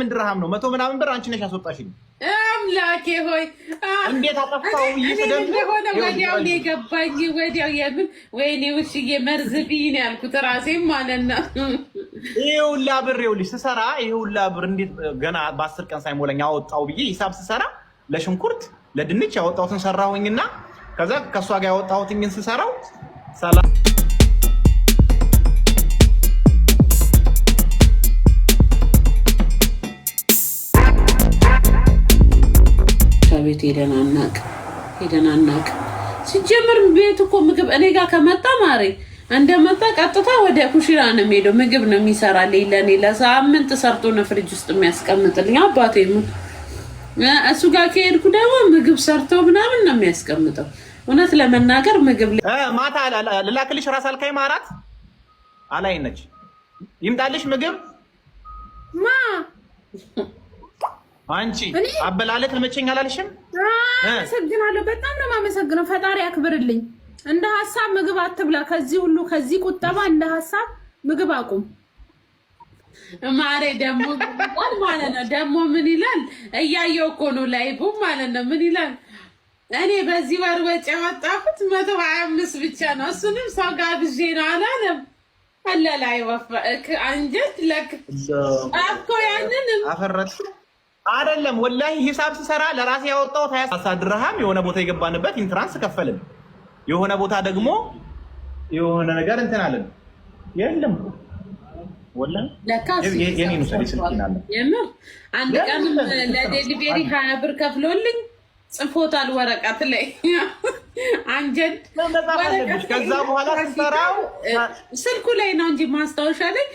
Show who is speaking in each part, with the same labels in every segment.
Speaker 1: ምን ድርሃም ነው? መቶ ምናምን ብር አንቺ ነሽ ያስወጣሽኝ።
Speaker 2: አምላኬ ሆይ
Speaker 1: እንዴት አጠፋው!
Speaker 2: እንደሆነ ወዲያው ነው የገባኝ። ወዲያው የምን ወይኔ ውሽዬ መርዝ ብይ ያልኩት ራሴም ማለት ነው።
Speaker 1: ይሄ ሁላ ብር ይኸውልሽ ስሰራ ይሄ ሁላ ብር እንዴት ገና በአስር ቀን ሳይሞላኝ አወጣው ብዬ ሂሳብ ስሰራ ለሽንኩርት ለድንች ያወጣሁትን ሰራሁኝና ከዛ ከእሷ ጋር ያወጣሁትኝን ስሰራው ሰላም
Speaker 2: ቤት ሄደን አናቅ ሄደን አናቅ። ሲጀምር ቤት እኮ ምግብ እኔ ጋር ከመጣ ማሬ እንደመጣ ቀጥታ ወደ ኩሽና ነው የሚሄደው። ምግብ ነው የሚሰራ ሌለ እኔ ለሳምንት ሰርቶ ነው ፍሪጅ ውስጥ የሚያስቀምጥልኝ አባቴ። እሱ ጋር ከሄድኩ ደግሞ ምግብ ሰርቶ ምናምን ነው የሚያስቀምጠው። እውነት ለመናገር ምግብ
Speaker 1: ማታ ልላክልሽ ራስ አልካይ ማራት አላይነች ይምጣልሽ ምግብ ማ አንቺ አበላለት ተመቸኝ አላልሽም?
Speaker 2: አመሰግናለሁ። በጣም ነው የማመሰግነው። ፈጣሪ ያክብርልኝ። እንደ ሀሳብ ምግብ አትብላ። ከዚህ ሁሉ ከዚህ ቁጠባ እንደ ሀሳብ ምግብ አቁም። ማሬ ደግሞ ማለት ነው ደግሞ ምን ይላል? እያየው እኮ ነው ላይቡ ማለት ነው። ምን ይላል? እኔ በዚህ ወር ወጪ ያወጣሁት መቶ ሀያ አምስት ብቻ ነው። እሱንም ሰው ጋብዤ ነው አላለም አለ ላይ ወፈ አንጀት ለክ እኮ ያንን አፈረጥኩ
Speaker 1: አይደለም ወላሂ ሂሳብ ስሰራ ለራሴ ያወጣሁት ሀያ ድርሃም የሆነ ቦታ የገባንበት ኢንትራንስ ከፈልን። የሆነ ቦታ ደግሞ የሆነ ነገር እንትን አለን። የለም ወላሂ የኔ ነው ሰሪ ስልኪናለ
Speaker 2: የምር አንድ ቀን ለዴሊቬሪ ሀያ ብር ከፍሎልኝ ጽፎታል ወረቀት ላይ አንጀት
Speaker 1: ከዛ በኋላ ስሰራው
Speaker 2: ስልኩ ላይ ነው እንጂ ማስታወሻ ላይ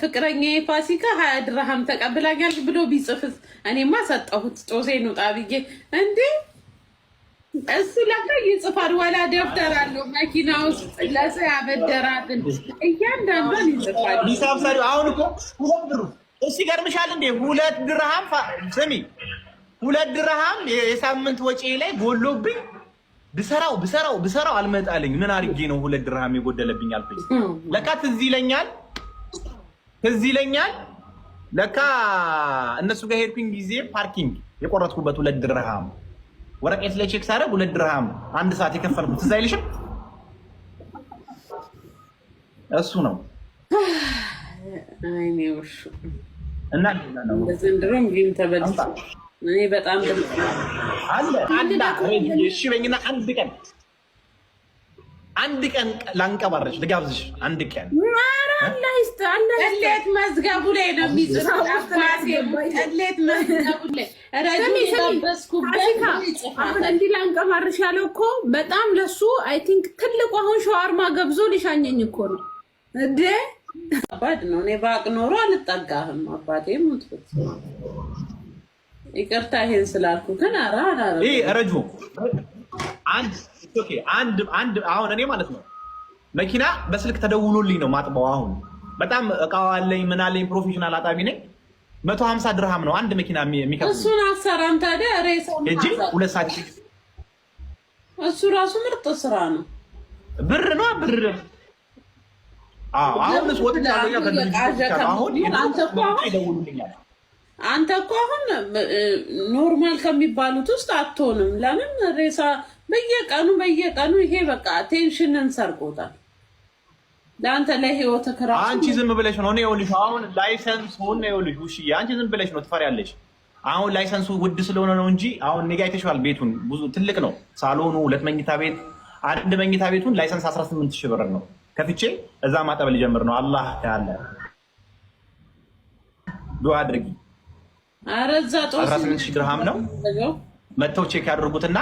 Speaker 2: ፍቅረኛ የፋሲካ ሀያ ድርሃም ተቀብላኛል ብሎ ቢጽፍት እኔማ ሰጠሁት ጦሴ ንውጣ ብዬ እንዴ እሱ ለካ ይጽፋል። ወላ ደብተር አለው መኪና ውስጥ ለሰው ያበደራትን እያንዳንዷን ይጽፋል።
Speaker 1: ሂሳብ አሁን እኮ ሁለት ድሩ እሺ፣ ይገርምሻል እንዴ ሁለት ድርሃም ስሚ ሁለት ድርሃም የሳምንት ወጪ ላይ ጎሎብኝ ብሰራው ብሰራው ብሰራው አልመጣልኝ። ምን አድርጌ ነው ሁለት ድርሃም የጎደለብኝ አልኩኝ። ለካ ትዝ ይለኛል ትዝ ይለኛል ለካ እነሱ ጋር ሄድኩኝ ጊዜ ፓርኪንግ የቆረጥኩበት ሁለት ድርሃም ወረቀት ላይ ቼክ ሳደርግ ሁለት ድርሃም አንድ ሰዓት የከፈልኩት ትዝ አይልሽም? እሱ ነው
Speaker 2: እና ዘንድሮም ግን ተበልቷል። እኔ በጣም
Speaker 1: እሺ በኝና አንድ ቀን አንድ ቀን ላንቀባረች ልጋብዝሽ። አንድ ቀን
Speaker 2: እሌት መዝገቡ ላይ ነው እንዲህ ላንቀባረሽ ያለው እኮ በጣም ለሱ አይ ቲንክ ትልቁ አሁን ሸዋርማ ገብዞ ሊሻኘኝ እኮ ነው። እንደ አባት ነው። እኔ በአቅ ኖሮ አልጠጋህም አባቴ ሙት ይቅርታ ይሄን ስላልኩ ግን አራ
Speaker 1: ረጁ አንድ አሁን እኔ ማለት ነው መኪና በስልክ ተደውሎልኝ ነው ማጥበው። አሁን በጣም እቃዋ አለኝ ምናለኝ ፕሮፌሽናል አጣቢ ነኝ። መቶ ሀምሳ ድርሃም ነው አንድ መኪና የሚከፍለው።
Speaker 2: እሱን አሰራም ታዲያ
Speaker 1: እንጂ ሁለት ሰዓት
Speaker 2: እሱ ራሱ ምርጥ ስራ ነው።
Speaker 1: ብር ነው ብር አሁን ወጥ ሁን
Speaker 2: ደውሉልኛል አንተ እኮ አሁን ኖርማል ከሚባሉት ውስጥ አትሆንም። ለምን ሬሳ በየቀኑ በየቀኑ ይሄ በቃ ቴንሽንን ሰርቆታል። ለአንተ ለህይወት ክራ
Speaker 1: አንቺ ዝም ብለሽ ነው። ይኸውልሽ አሁን ላይሰንስ ሆነ። ይኸውልሽ ውሽ አንቺ ዝም ብለሽ ነው ትፈሪያለሽ። አሁን ላይሰንሱ ውድ ስለሆነ ነው እንጂ አሁን ኔጋ አይተሽዋል። ቤቱን ብዙ ትልቅ ነው ሳሎኑ፣ ሁለት መኝታ ቤት፣ አንድ መኝታ ቤቱን ላይሰንስ 18 ሺህ ብር ነው ከፍቼ እዛ ማጠብ ልጀምር ነው። አላህ ያለ ዱዓ አድርጊ
Speaker 2: አስራ
Speaker 1: ስምንት ሺህ ድርሃም ነው። መጥተው ቼክ ያደርጉትና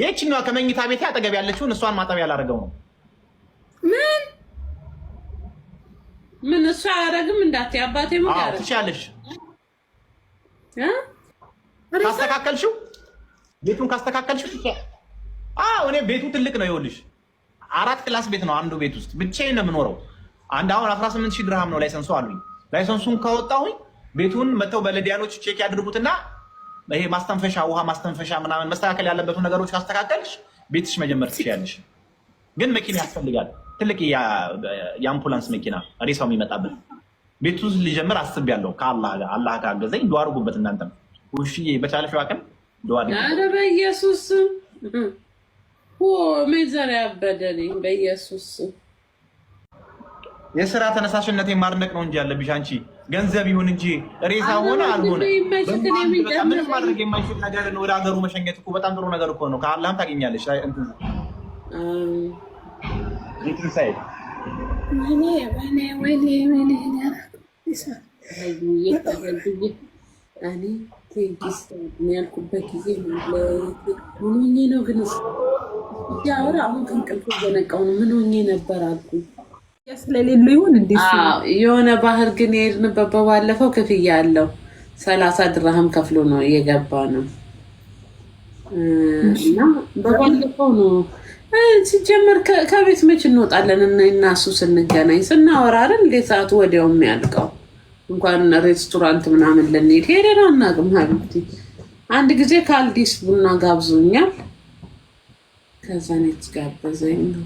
Speaker 1: ይህችኛዋ ከመኝታ ቤቴ አጠገብ ያለችውን እሷን ማጠብ ያላደረገው ነው።
Speaker 2: ምን ምን እሱ አያደርግም እንዳት አባቴ ምን
Speaker 1: ትችያለሽ? ካስተካከልሽው ቤቱን ካስተካከልሽው እኔ ቤቱ ትልቅ ነው። ይኸውልሽ አራት ክላስ ቤት ነው አንዱ ቤት ውስጥ ብቻዬን ነው የምኖረው። አንድ አሁን አስራ ስምንት ሺህ ድርሃም ነው ላይሰንሱ አሉኝ ላይሰንሱን ካወጣሁኝ ቤቱን መተው በለዲያኖች ቼክ ያድርጉትና ይሄ ማስተንፈሻ ውሃ ማስተንፈሻ ምናምን መስተካከል ያለበትን ነገሮች ካስተካከልሽ ቤትሽ መጀመር ትችያለሽ። ግን መኪና ያስፈልጋል፣ ትልቅ የአምቡላንስ መኪና ሬሳው የሚመጣበት ቤቱ ሊጀምር አስቤያለሁ። ከአላህ ጋር አላህ ካገዘኝ ዱዓ አድርጉበት። እናንተም ውሽ በቻለሽ አቅም ዱዓ አድርጉ።
Speaker 2: ኧረ በኢየሱስ ሜዘር ያበደልኝ በኢየሱስ
Speaker 1: የስራ ተነሳሽነት ማድነቅ ነው እንጂ ያለብሽ አንቺ ገንዘብ ይሁን እንጂ ሬሳ ሆነ አልሆነ ምንም ማድረግ የማይችል ነገር ወደ ሀገሩ መሸኘት እኮ በጣም ጥሩ ነገር እኮ ነው። ከአላህም ታገኛለሽ።
Speaker 2: ያልኩበት ጊዜ ነው ግን አሁን ከእንቅልፍ ዘነቀው ነው ምን ሆኜ ነበር አልኩኝ ስለሌሉ ይሁን እንዴ? የሆነ ባህር ግን የሄድንበት በባለፈው ክፍያ አለው። ሰላሳ ድራህም ከፍሎ ነው እየገባ ነው። በባለፈው ነው ሲጀመር ከቤት መች እንወጣለን? እናሱ ስንገናኝ ስናወራ አይደል እንዴ ሰዓቱ ወዲያው የሚያልቀው እንኳን ሬስቶራንት ምናምን ልንሄድ ሄደን አናውቅም። ሀብቲ አንድ ጊዜ ከአልዲስ ቡና ጋብዞኛል። ከዛ ነው የተጋበዘኝ ነው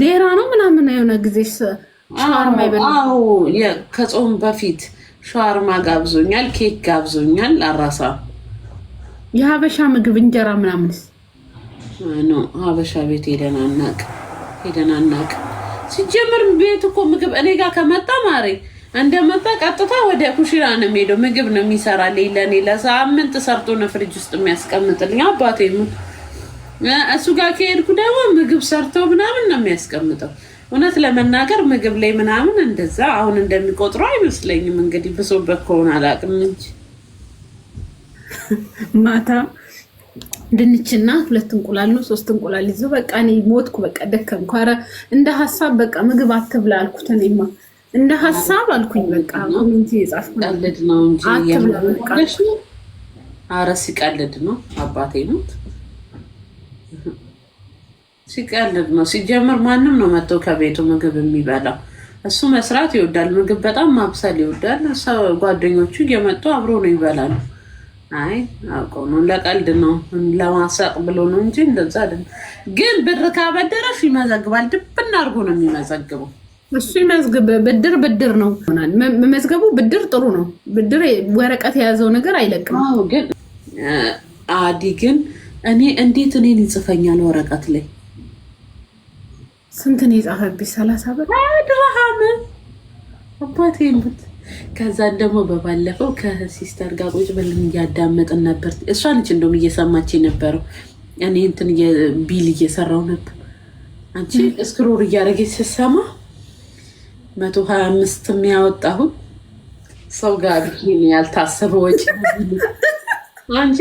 Speaker 2: ዴራ ነው ምናምን የሆነ ጊዜ ሻርማ ይበላል። ከጾም በፊት ሻርማ ጋብዞኛል፣ ኬክ ጋብዞኛል። አራሳ የሀበሻ ምግብ እንጀራ ምናምንስ ኖ ሀበሻ ቤት ሄደን አናቅ ሄደን አናቅ። ሲጀምር ቤት እኮ ምግብ እኔ ጋር ከመጣ ማሬ እንደመጣ ቀጥታ ወደ ኩሽና ነው የሚሄደው። ምግብ ነው የሚሰራ ለኔ ለሳምንት ሰርቶ ነው ፍሪጅ ውስጥ የሚያስቀምጥልኝ አባቴ እሱ ጋር ከሄድኩ ደግሞ ምግብ ሰርተው ምናምን ነው የሚያስቀምጠው። እውነት ለመናገር ምግብ ላይ ምናምን እንደዛ አሁን እንደሚቆጥሩ አይመስለኝም። እንግዲህ ብሶበት ከሆነ አላውቅም እንጂ ማታ ድንችና ሁለት እንቁላል ነው ሶስት እንቁላል ይዞ በቃ እኔ ሞትኩ። በቃ ደከምኩ። ኧረ እንደ ሀሳብ በቃ ምግብ አትብላ አልኩት። እኔማ እንደ ሀሳብ አልኩኝ። በቃ ኮሚኒቲ የጻፍኩት ቀልድ ነው እንጂ አትብላ በቃ። ኧረ ሲቀልድ ነው አባቴ ሞት ሲቀልድ ነው። ሲጀምር ማንም ነው መጥቶ ከቤቱ ምግብ የሚበላው። እሱ መስራት ይወዳል፣ ምግብ በጣም ማብሰል ይወዳል። ሰው ጓደኞቹ እየመጡ አብሮ ነው ይበላሉ። አይ አውቀው ነው፣ ለቀልድ ነው፣ ለማሳቅ ብሎ ነው እንጂ እንደዛ አይደለም። ግን ብር ካበደረሽ ይመዘግባል። ድብና አድርጎ ነው የሚመዘግበው እሱ ይመዝግብ። ብድር ብድር ነው ሆናል መመዝገቡ። ብድር ጥሩ ነው። ብድር ወረቀት የያዘው ነገር አይለቅም። ግን አዲ ግን እኔ እንዴት እኔን ይጽፈኛል ወረቀት ላይ ስንት ነው የጻፈብኝ? ሰላሳ ብር ድርሃም አባቴ ሉት። ከዛን ደግሞ በባለፈው ከሲስተር ጋር ቁጭ ብለን እያዳመጥን ነበር። እሷ ነች እንደውም እየሰማች የነበረው እኔ እንትን ቢል እየሰራው ነበር። አንቺ እስክሮር እያደረገች ስትሰማ መቶ ሀያ አምስት የሚያወጣሁን ሰው ጋር ብሄን ያልታሰበ ወጪ አንቺ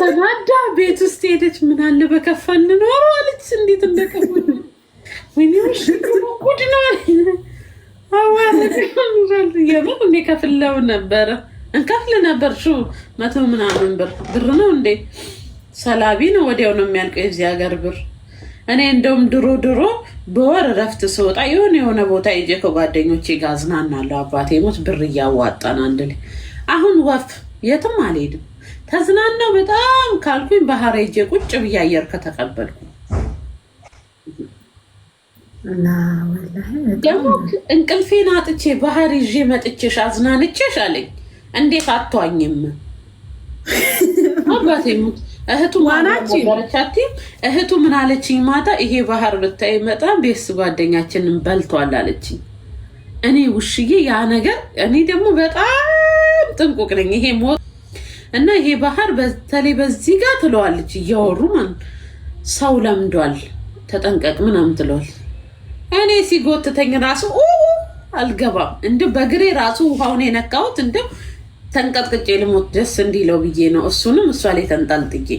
Speaker 2: ተናዳ ቤት ውስጥ ሄደች። ምናለ በከፋን ኖሮ አለች። እንዴት እንደከፋ የምን ከፍለው ነበረ እንከፍል ነበር ሹ መቶ ምናምን ብር ብር ነው እንዴ ሰላቢ ነው ወዲያው ነው የሚያልቀው የዚህ ሀገር ብር እኔ እንደውም ድሮ ድሮ በወር እረፍት ስወጣ የሆነ የሆነ ቦታ ይዤ ከጓደኞቼ ጋር አዝናናለሁ አባቴ ሞት ብር እያዋጣን አንድ ላይ አሁን ወፍ የትም አልሄድም ተዝናናው በጣም ካልኩኝ ባህር ሄጄ ቁጭ ብዬ አየር ከተቀበልኩ ደግሞ እንቅልፌን አጥቼ ባህር ይዤ መጥቼሽ አዝናንቼሽ አለኝ። እንዴት አቷኝም አባቴ እህቱ ማናችረቻቲም እህቱ ምን አለችኝ? ማታ ይሄ ባህር ብታይ በጣም ቤስ ጓደኛችንን በልቷል አለችኝ። እኔ ውሽዬ ያ ነገር እኔ ደግሞ በጣም ጥንቁቅ ነኝ። ይሄ ሞ እና ይሄ ባህር በተለይ በዚህ ጋር ትለዋለች እያወሩ ሰው ለምዷል፣ ተጠንቀቅ ምናምን ትለዋል እኔ ሲጎትተኝ ራሱ አልገባም። እንዲሁ በግሬ ራሱ ውሃውን የነካሁት እንዲሁ ተንቀጥቅጬ ልሞት ደስ እንዲለው ብዬ ነው። እሱንም እሷ ላይ ተንጠልጥዬ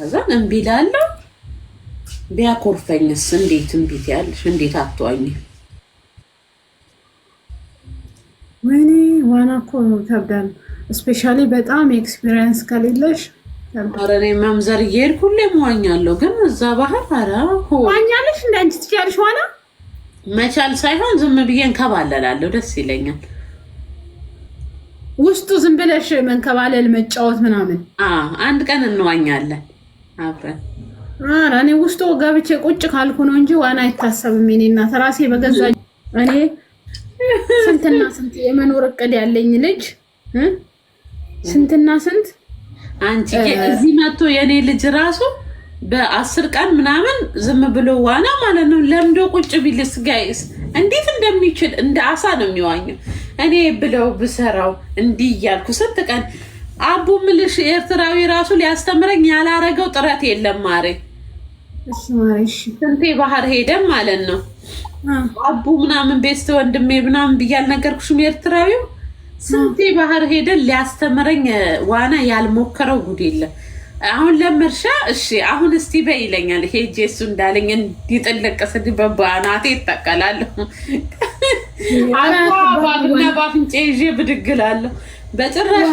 Speaker 2: ከዛን እምቢ እላለሁ። ቢያኮርፈኝስ እንዴት እምቢ ትያለሽ? እንዴት አትዋኝ? ወይኔ ዋና እኮ ተብዳል። ስፔሻሊ በጣም ኤክስፒሪየንስ ከሌለሽ ኧረ እኔ መምዘር እየሄድኩ ሁሌ ዋኛለሁ፣ ግን እዛ ባህር ኧረ ዋኛለሽ። እንደ አንቺ ትችያለሽ ዋና መቻል ሳይሆን ዝም ብዬ እንከባለላለሁ፣ ደስ ይለኛል። ውስጡ ዝም ብለሽ መንከባለል፣ መጫወት ምናምን። አንድ ቀን እንዋኛለን አብረን። ኧረ እኔ ውስጡ ገብቼ ቁጭ ካልኩ ነው እንጂ ዋና አይታሰብም። እኔ እናት ራሴ በገዛ እኔ ስንትና ስንት የመኖር እቅድ ያለኝ ልጅ ስንትና ስንት አንቺ እዚህ መጥቶ የኔ ልጅ ራሱ በአስር ቀን ምናምን ዝም ብሎ ዋና ማለት ነው ለምዶ ቁጭ ቢልስ ጋይስ እንዴት እንደሚችል እንደ አሳ ነው የሚዋኘው። እኔ ብለው ብሰራው እንዲህ እያልኩ ስንት ቀን አቡ ምልሽ ኤርትራዊ ራሱ ሊያስተምረኝ ያላረገው ጥረት የለም። ማሬ ስንቴ ባህር ሄደም ማለት ነው አቡ ምናምን ቤስት ወንድሜ ምናምን ብያል ነገርኩሽም ኤርትራዊው ስንቴ ባህር ሄደን ሊያስተምረኝ ዋና ያልሞከረው ጉድ የለም። አሁን ለመርሻ እሺ፣ አሁን እስቲ በይ ይለኛል። ሄጄ እሱ እንዳለኝ እንዲጥለቅ ስል በባናቴ ይጠቀላለሁ። አባባና ባፍንጬ ይዤ ብድግላለሁ። በጭራሽ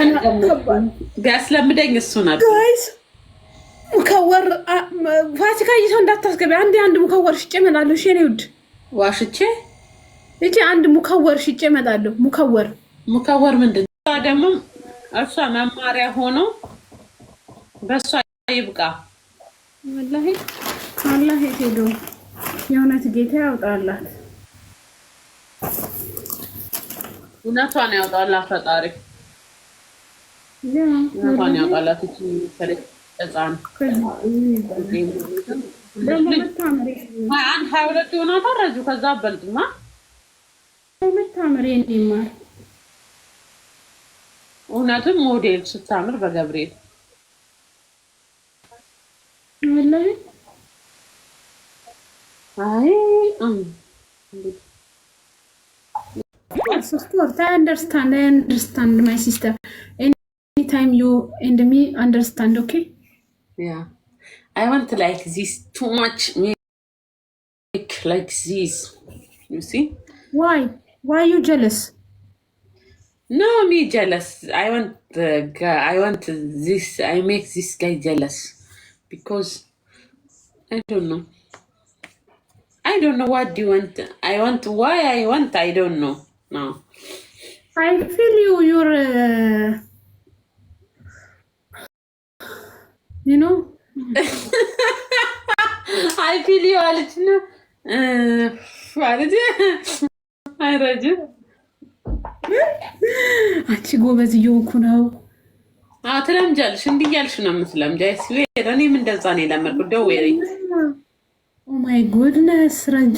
Speaker 2: ቢያስለምደኝ እሱ ነበር። ሙከወር ፋሲካ እየሰው እንዳታስገቢ። አንዴ አንድ ሙከወር ሽጬ እመጣለሁ። እሺ፣ እኔ ውድ ዋሽቼ እቺ አንድ ሙከወር ሽጬ እመጣለሁ። ሙከወር ሙከወር ምንድን ነው ደግሞ እሷ መማሪያ ሆኖ በእሷ ይብቃ። ወላሂ አላህ ሄዶ የእውነት ጌታ ያውጣላት፣ እውነቷን ያውጣላት ፈጣሪ እውነቷን ያውጣላት። ህፃን ሀያ ሁለት ይሆናታል። ረዚሁ ከዛ በልጥማ ምታምሬ እንዲማር እውነትም ሞዴል ስታምር በገብርኤል አንደርስታንድ ማይ ሲስተር ኤኒታይም ዩ ኤንድ ሚ አንደርስታንድ ኦኬ ያ አይ ዋንት ላይክ ዚስ ቱ ማች ሜክ ላይክ ዚስ ዩ ሲ ዋይ ዋይ ዩ ጀለስ no, me jealous. I want the guy. I want this. I make this guy jealous because I don't know. I don't know what you want. I want why I want. I don't know. No. I feel you. You're. Uh, you know. I feel you. I you know. Uh, what is you? I read you. አንቺ ጎበዝ እየሆንኩ ነው። ትለምጃለሽ። እንዲህ እያልሽ ነው የምትለምጃ። እኔም እንደዛ ነው የለመድኩት። ደውዬ ኦ ማይ ጎድነስ ረጁ